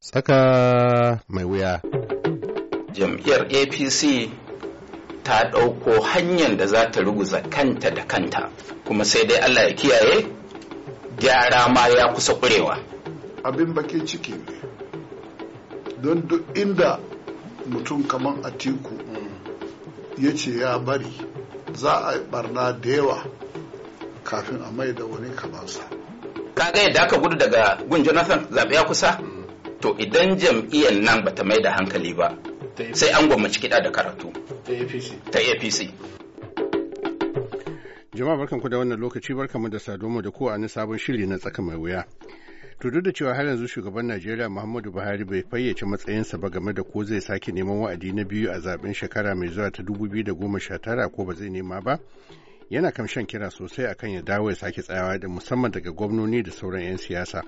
Saka mai wuya. Jam'iyyar APC ta ɗauko hanyar da za ta ruguza kanta da kanta, kuma sai dai Allah ya kiyaye gyara ma ya kusa ƙurewa. Abin baki ciki ne, don duk inda mutum kamar Atiku ya ce ya bari za a barna da yawa kafin a mai da wani kamansa. Ka ga yadda aka gudu daga gun Jonathan zaɓe ya kusa? to idan jam'iyyar nan bata mai da hankali ba sai an gwamnati kiɗa da karatu ta apc jama'a barkanku da wannan lokaci barkanmu da saduwa da ku a sabon shiri na tsaka mai wuya to duk da cewa har yanzu shugaban najeriya muhammadu buhari bai fayyace matsayinsa ba game da ko zai sake neman wa'adi na biyu a zaben shekara mai zuwa ta 2019 ko ba zai nema ba yana kam shan kira sosai akan ya dawo ya sake tsayawa da musamman daga gwamnoni da sauran 'yan siyasa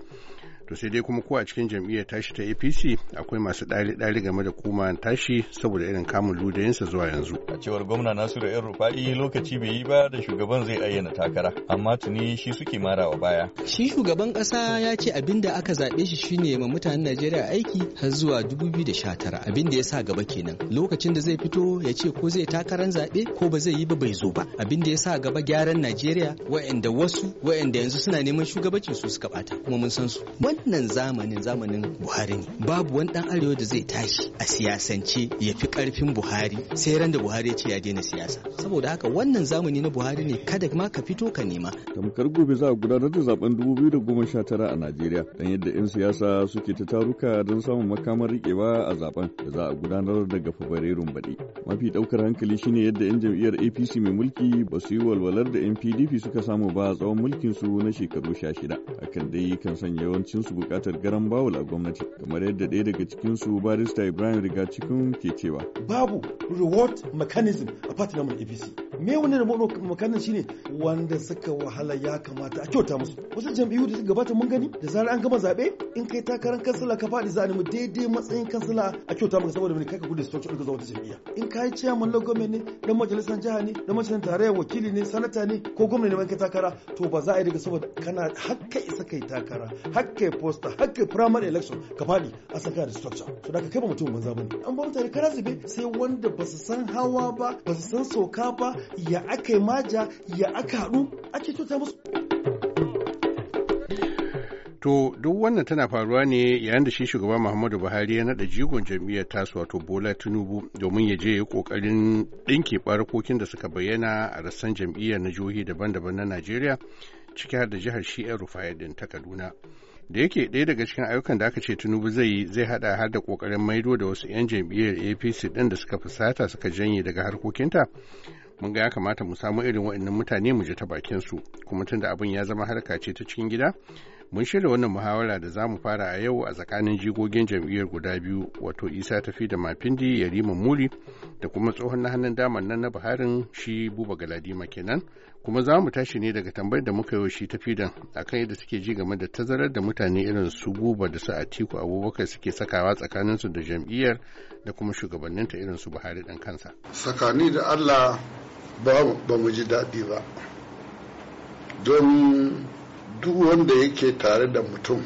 to sai dai kuma ko a cikin jam'iyyar tashi ta apc akwai masu ɗari-ɗari game da kuma tashi saboda irin kamun ludayinsa zuwa yanzu a cewar gwamna nasiru yan rufa'i lokaci bai yi ba da shugaban zai ayyana takara amma tuni shi suke marawa baya shi shugaban ƙasa ya ce abinda aka zaɓe shi shine ma mutanen najeriya aiki har zuwa 2019 abin da ya sa gaba kenan lokacin da zai fito ya ce ko zai takarar zaɓe ko ba zai yi ba bai zo ba abin da ya sa gaba gyaran najeriya wa'anda wasu wa'anda yanzu suna neman shugabancin su suka bata kuma mun san su wannan zamanin zamanin buhari ne babu wani dan arewa da zai tashi a siyasance ya fi karfin buhari sai ran da buhari ya ce ya daina siyasa saboda haka wannan zamani na buhari ne kada ma ka fito ka nema tamkar gobe za a gudanar da zaben 2019 a najeriya dan yadda 'yan siyasa suke ta taruka don samun makamar riƙewa a zaben da za a gudanar daga fabrairun baɗi mafi ɗaukar hankali shine yadda 'yan jam'iyyar apc mai mulki ba su yi walwalar da 'yan pdp suka samu ba a tsawon mulkin su na shekaru 16 hakan dai kan sanya yawancin su bukatar garan bawul a gwamnati kamar yadda ɗaya daga cikin su barista ibrahim riga cikin ke cewa babu reward mechanism a party na apc me wani da shi ne. wanda suka wahala ya kamata a kyauta musu wasu jam'iyyu da suka gabata mun gani da zarar an gama zaɓe in kai takarar kansila ka faɗi za a nemi daidai matsayin kansila a kyauta maka saboda kai ka gudu structure daga ka wata jam'iyya in ka yi ciyaman logomen ne dan majalisar jiha ne dan majalisar tarayya wakili ne sanata ne ko gwamna ne kai takara to ba za a yi daga saboda kana hakka isa kai takara hakka posta hakka primary election ka faɗi a saka da structure so da ka kai ba mutum banza bane an ba mutane kara zube sai wanda ba su san hawa ba ba su san soka ba ya aka yi maja ya aka haɗu ake kyauta musu To duk wannan tana faruwa ne yayin da shi shugaba Muhammadu Buhari ya naɗa jigon jam'iyyar tasu wato Bola Tinubu domin ya je ya kokarin ɗinke barakokin da suka bayyana a rassan jam'iyyar na jihohi daban-daban na Najeriya ciki har da jihar Shi'a Rufai din ta Kaduna. Da yake ɗaya daga cikin ayyukan da aka ce Tinubu zai yi zai haɗa har da kokarin maido da wasu 'yan jam'iyyar APC ɗin da suka fusata suka janye daga harkokinta mun ga ya kamata mu samu irin waɗannan mutane mu ji ta bakin su kuma tunda abin ya zama harka ce ta cikin gida Mun shirya wannan muhawara da za mu fara a yau a tsakanin jigogin jam'iyyar guda biyu wato Isa tafi da Mafindi Yarima Muri da kuma tsohon na hannun daman nan na Buharin shi Buba Galadima kenan. Kuma za mu tashi ne daga tambayar da muka yi shi tafi da akan yadda suke ji game da tazarar da mutane irin su guba da su Atiku Abubakar suke sakawa tsakanin su da jam'iyyar da kuma shugabanninta irin su Buhari dan kansa. Tsakani da Allah ba mu ji daɗi ba. Don duk wanda yake tare da mutum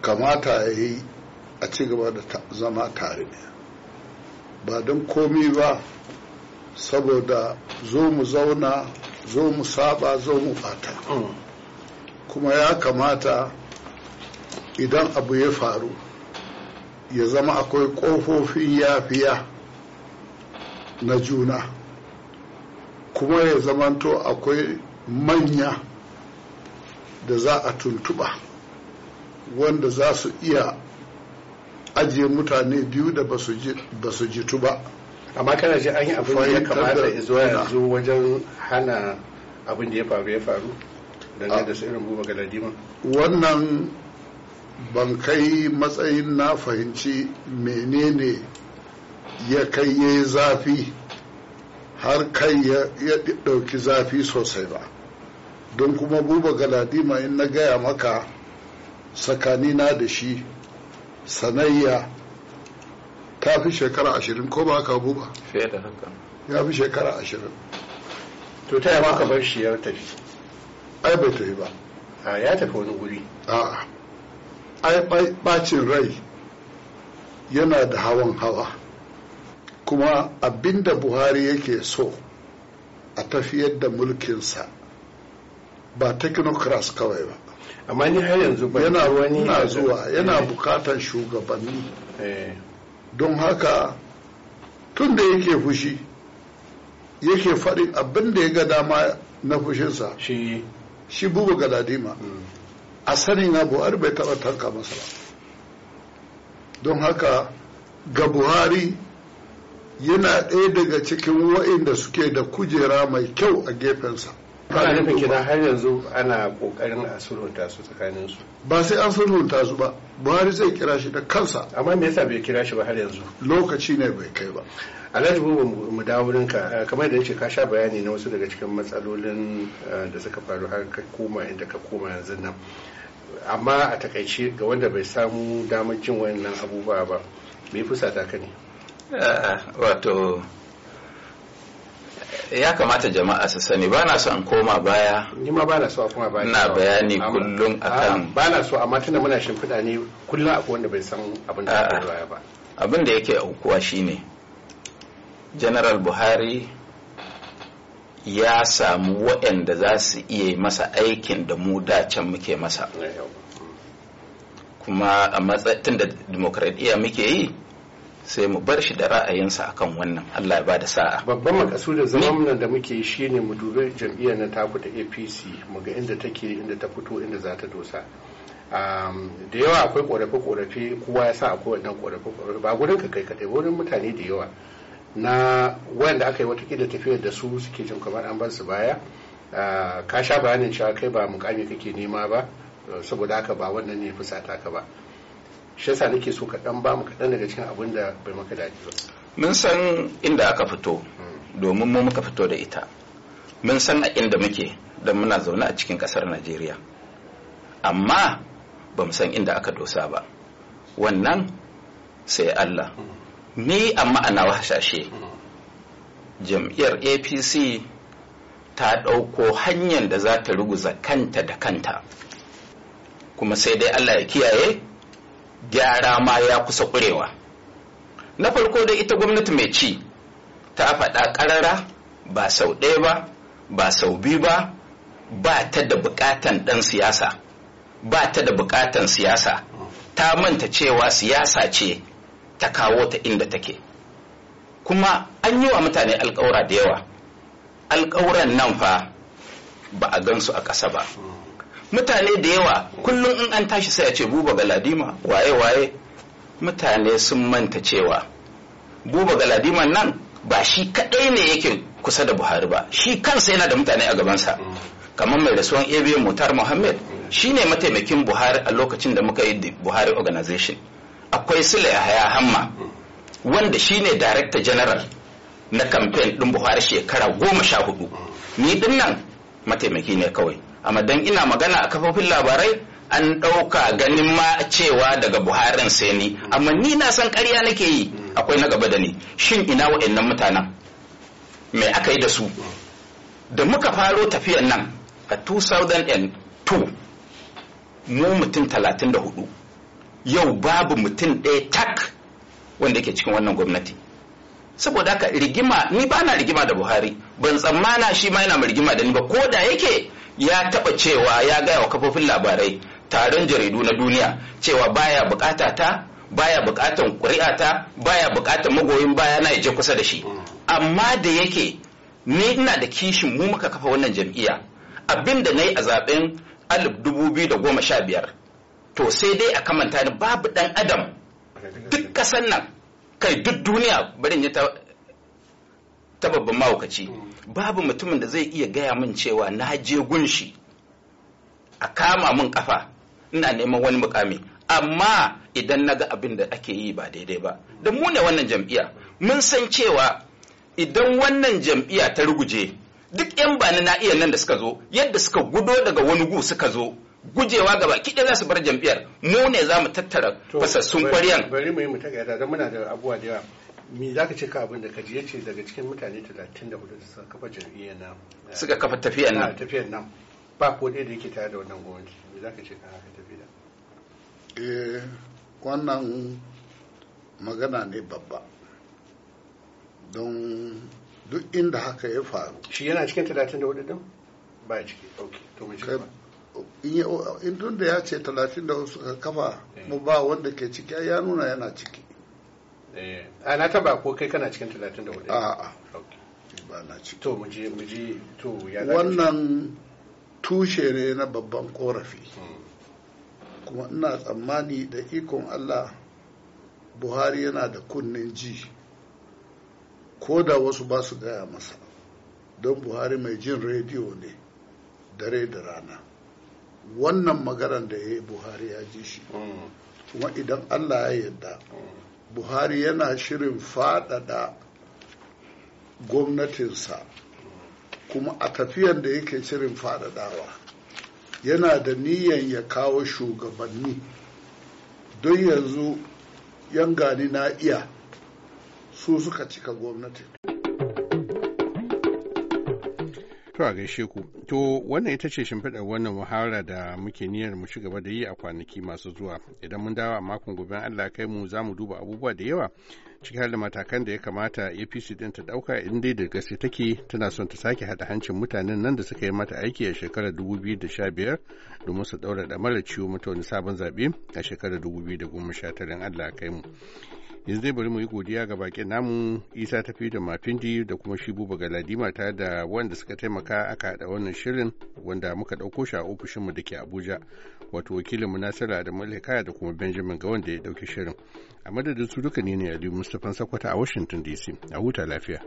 kamata ya yi a ci gaba da zama tare ba don komi ba saboda zo mu zauna zo mu saba zo mu fata mm. kuma ya kamata idan abu ya faru ya zama akwai ƙofofin yafiya na juna kuma ya zamanto akwai manya da za a tuntuɓa wanda za su iya ajiye mutane biyu da ba su jitu ba amma kana ji an yi abin da ya kamata ya zo yanzu wajen hana abin da ya faru ya faru dangane da su irin buba galadima wannan ban kai matsayin na fahimci menene ya kai ya yi zafi har kai ya ɗauki zafi sosai ba don kuma buba galadima in na gaya maka tsakanina da shi sanayya ta fi shekara ashirin ko ba ka buba ya fi shekara ashirin to ta yaba ka bar shi ya tafi ai bai tafi ba a ya tafi wani guri a ai bacin rai yana da hawan hawa kuma abinda buhari yake so a tafiyar da mulkinsa ba technocrats kawai ba amma ni har yanzu ba yana wani yana zuwa yana eh. bukatar shugabanni eh. don haka tun da yake fushi yake faɗin abin da ya ga dama na fushinsa shi shi ga galadima mm. a sani na buhari bai taɓa tanka masa ba don haka ga buhari yana ɗaya daga cikin wa'inda suke da kujera mai kyau a gefensa kana nufin kenan har yanzu ana kokarin a sulhunta su tsakanin su ba sai an sulhunta su ba buhari zai kira shi da kansa amma me yasa bai kira shi ba har yanzu lokaci ne bai kai ba alhaji bubu mu dawo wurinka kamar da yace ka sha bayani na wasu daga cikin matsalolin eh, da suka faru har ka koma inda ka koma yanzu nan amma a takaice ga wanda bai samu damar jin wannan abubuwa ba me fusata ka ne wato ya kamata jama'a su sani ba na so an koma baya ni ma ba na so a koma baya na bayani kullum ah, akan ba na so amma tunda muna shimfiɗa ne kullum a wanda bai san abin da ya ba abin da yake aukuwa shine general buhari ya samu waɗanda za su iya masa aikin da mu dacen muke masa kuma a matsayin da dimokuraɗiyya muke yi sai mu bar shi da ra'ayinsa akan wannan Allah ya ba da sa'a babban makasudin zaman da muke shi ne mu dubi jam'iyyar na taku ta APC mu ga inda take inda ta fito inda za ta dosa da yawa akwai korafe korafe kowa ya sa akwai wannan korafe korafe ba gurin ka kai kadai wurin mutane da yawa na wanda aka yi watakila tafiyar da su suke jin kamar an bar su baya ka sha bayanin cewa kai ba mukami kake nema ba saboda haka ba wannan ne fusata ka ba shi yasa nake so ka dan bamu kaɗan daga cikin abin da bai maka dadi ba mun san inda aka fito hmm. domin mu muka fito da ita mun san a inda muke da muna zaune a cikin ƙasar najeriya amma ba mu san inda aka dosa ba wannan sai allah hmm. ni amma ana hasashe. Hmm. jam'iyyar apc ta ɗauko hanyar da za ta ruguza kanta da kanta kuma sai dai allah ya kiyaye gyara ma ya kusa ƙurewa na farko da ita gwamnati mai ci ta faɗa ƙarara ba sau ɗaya ba ba sau biyu ba ba ta da buƙatan ɗan siyasa ba ta da buƙatan siyasa ta manta cewa siyasa ce ta kawo ta inda take kuma an yi wa mutane alƙawura da yawa alƙawuran nan fa ba a gansu a ƙasa ba mutane da yawa kullum in an tashi sai a ce buba galadima waye waye mutane sun manta cewa buba galadima nan ba shi kadai ne yake kusa da buhari ba shi kansa yana da mutane a gabansa kamar mai rasuwan abu mutar muhammad shi ne mataimakin buhari a lokacin da muka yi buhari organization akwai sule yahaya hamma wanda shi ne director general na kamfen ɗin buhari shekara goma sha hudu ni ɗin nan mataimaki ne kawai amma dan ina magana a kafofin labarai an ɗauka ganin ma cewa daga buharin sai ni amma ni na san ƙarya nake yi akwai na gaba da ni shin ina wa'annan mutanen mai aka yi da su da muka faro tafiyan nan a 2002 mu mutum 34 yau babu mutum ɗaya tak wanda ke cikin wannan gwamnati saboda haka rigima ni ba na rigima da buhari ban tsammana shi ma yana rigima da ni ba ko da yake ya taba cewa ya gaya wa kafofin labarai taron jaridu na duniya cewa baya bukata ta baya bukatan ƙuri'a ta baya bukatan magoyin baya na je kusa da shi amma da yake ni ina da kishin mu muka kafa wannan jam'iyya abin da na yi a zaben 2015 to sai dai a kamanta ni babu dan adam duk kasan nan kai duk duniya barin ya ta babban mahaukaci babu mutumin da zai iya gaya min cewa na je gunshi a kama min kafa ina neman wani mukami amma idan na ga abin da ake yi ba daidai ba da mu ne wannan jam'iya mun san cewa idan wannan jam'iya ta ruguje duk 'yan bani na iya nan da suka zo yadda suka gudo daga wani gu suka zo gujewa gaba kiɗa za su bar jam'iyyar mu ne za mu tattara fasassun ƙwaryan bari mu yi mu tagaita don muna da abuwa da yawa mi za ka ce ka abin da ka ji ya ce daga cikin mutane 34 da suka kafa jam'iyyar nan eh, suka kafa tafiyar nan tafiyar nan ba ko ɗaya da yake tare da wannan gwamnati mi za ka ce ka haka tafi da eh wannan magana ne babba don duk inda haka ya faru shi yana cikin 34 din ba ciki ok to mu ji in tun da ya ce talatin da suka kafa eh. mu ba wanda ke ciki ya nuna yana ciki eh, a na taba ko kai kana cikin talatin da a a'a ba na ciki to muje muje to ya wannan tushe ne na babban korafi hmm. kuma ina tsammani da ikon Allah Buhari yana da kunnen ji ko da wasu ba su gaya masa don Buhari mai jin rediyo ne dare da rana wannan magaran da ya yi buhari ya ji shi kuma idan allah ya yarda buhari yana shirin faɗaɗa gwamnatinsa kuma a tafiyan da yake shirin faɗaɗawa yana da niyan ya kawo shugabanni don yanzu yan gani na iya su suka cika gwamnatin To a gaishe ku. To wannan ita ce shimfiɗar wannan muhawara da muke niyyar mu ci gaba da yi a kwanaki masu zuwa. Idan mun dawo a makon gobe Allah kai mu za mu duba abubuwa da yawa ciki har da matakan da ya kamata APC ɗin ta ɗauka in dai da gaske take tana son ta sake haɗa hancin mutanen nan da suka yi mata aiki a shekarar 2015 domin su ɗaura ɗamarar ciwo mata wani sabon zaɓe a shekarar 2019 Allah kai mu. yanzu dai bari mu yi godiya ga bakin namu isa tafi da mafindi da kuma shi buba galadima ta da wanda suka taimaka aka haɗa wannan shirin wanda muka ɗauko shi a ofishinmu da ke abuja wato wakilin mu nasara da malika da kuma benjamin ga wanda ya ɗauki shirin a madadin su duka ne ne aliyu mustapha sakwata a washington dc a huta lafiya